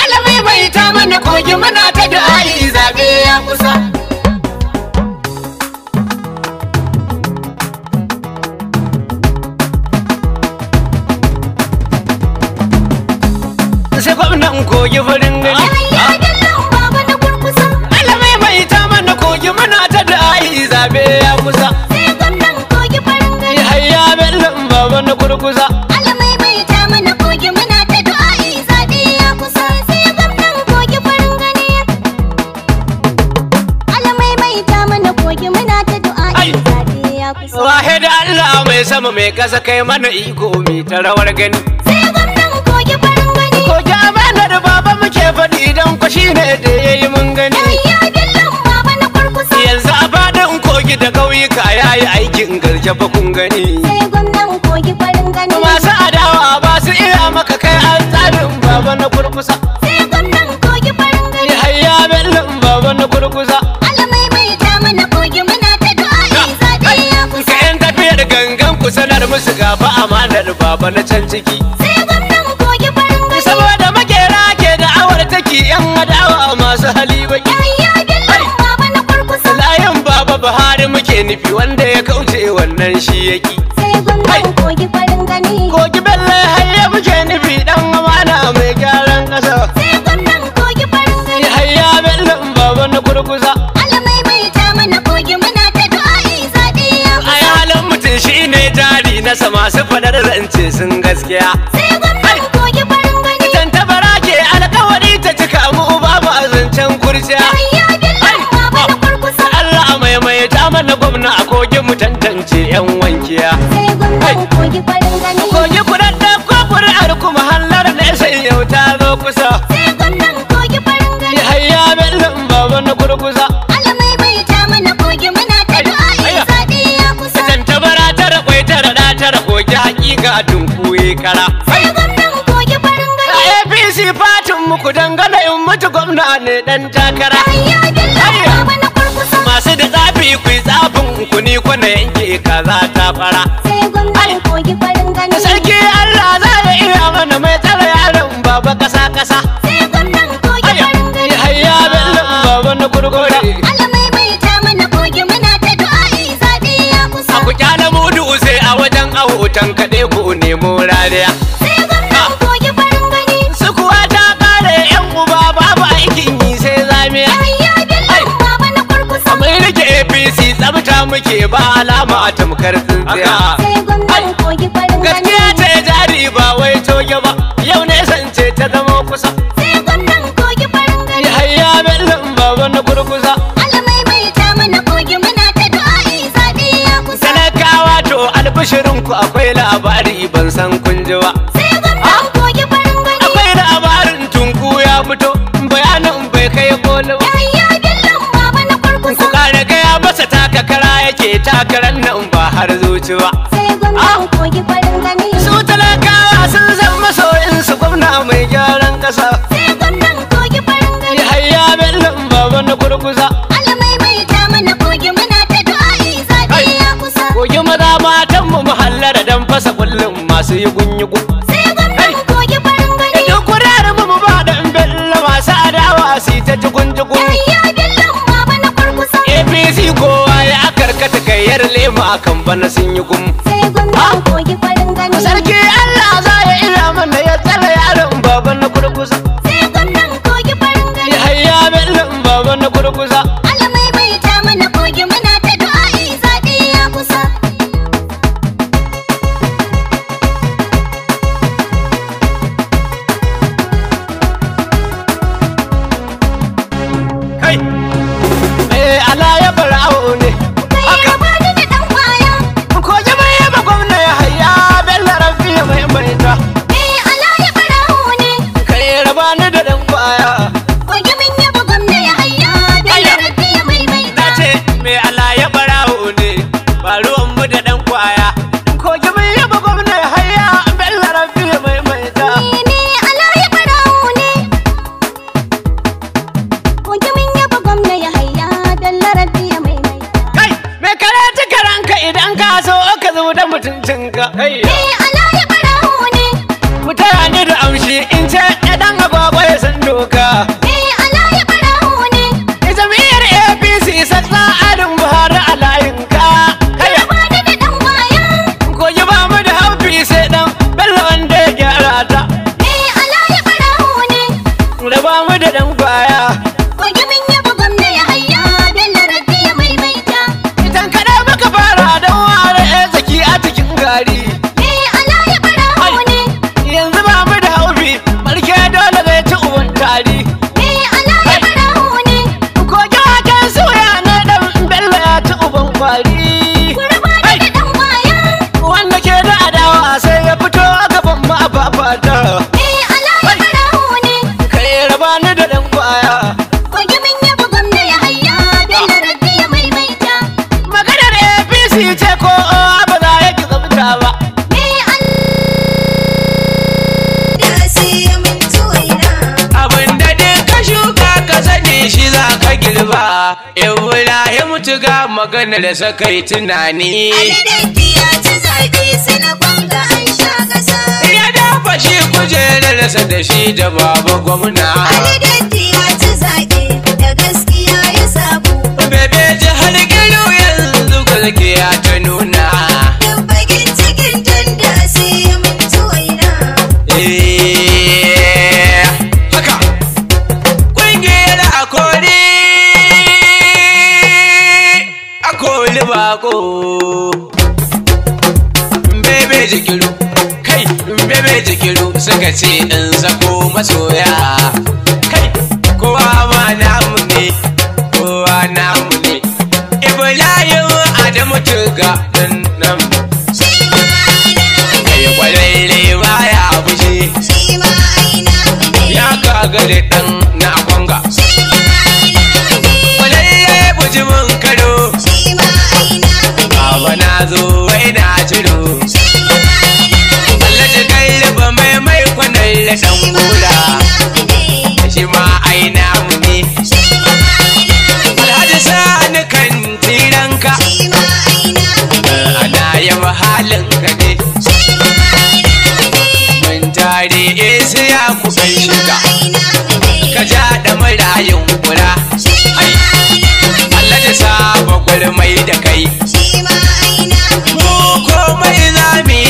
Alamai bai ta mana kogi ta da ayi zaɓe ya Sai gwamnan kogi farin gani. Alamai bai ta mana kogi ta da ayi zaɓe ya kusa. Sai gwamnan kogi farin gani. Hayya Bello baba na kurkusa. mai kasa kai mana iko mai tarawar gani sai gwamnan koki farin gani koki amana da baba muke faɗi idan ku shine da yayi mun gani na yanzu a faɗin kogi da ya yayi aikin garje fa kun gani sai gwamnan koki farin amanar baba na can ciki sai gwamnan goge farin gani. saboda makera ke da awar take yan adawa masu hali baki yayin baba na kurkusa layan baba Buhari muke nufi wanda ya kauce wannan shi yake sai gwamnan goge farin gani rasa masu fadar zance sun gaskiya sai gwamnati goge farin gani idan ta bara ke alkawari ta cika mu babu a zancen kurciya Allah amai-mai ta mana gwamna a kogin mu tantance yan wankiya sai gwamnati goge farin gani. yadin kuwe kara. Sai gwamnan kogi farin gani. A APC fatin muku dangana in mutu gwamna ne dan takara. Ayya billa baba na kurkusa. Masu da tsafi ku yi tsafin ku ni na yanke kaza ta fara. Sai gwamnan kogi farin gani. Sarki Allah za da iya mana mai tsara yaron baba kasa kasa. Sai gwamnan kogi farin gani. Ayya billa baba na kurkusa. Allah mai ta mana kogi muna ta du'a zabi ya kusa. A ku kyana mudu sai a wajen awo tankaɗe. ne nemo rariya sai farin gani sukuwa ta yan uba babu aikin yi sai na apc tsabta muke ba alama a tamkar tsintsiya sai gani gaskiya ce jari ba wai toge ba yau ne sance ta zama ba akwai labarin tunku ya fito bayanin bai kai kolo ku kare gaya masa takakara yake takarar nan ba har zuci ba yar lema kan bana sun yi gum sai gum kogi farin gani sarki ga ni alayi barawo ne ku taya ni da amshi in ce ya dan agwagwa ya san doka ni alayi barawo ne jami'ar apc san sa'adin buhari a layinka kai ba ni da dan baya ko yi ba mu da haufi sai dan bello wanda ya gyara ta ni alayi barawo ne da ba mu da dan ba Ibrahim tuga magana da saka tunani ya ci zaɓe sanakon ga an sha ƙasa Ya dafa shi kujerarsa da shi da baba gwamna Ali ya zaɓe da gaskiya ya sabu Bebe jihar Kano yanzu gaskiya ta nuna Yan bagin cikin tanda sai ya mutu waina eh. ko bebe jikiru kai bebe jikiru suka ce in sako masoya kai kowa ma namu ne kowa namu ne ibrahim adamu tuga nan nan kai kwararre baya fushi ya kagali da dan kula shi ma ai namu ne alhaji sani kan tiranka ana yaba halin ka ne mun tare isiya ku kai shiga ka ja da marayin kura alhaji saba gwarmai da kai mu komai zami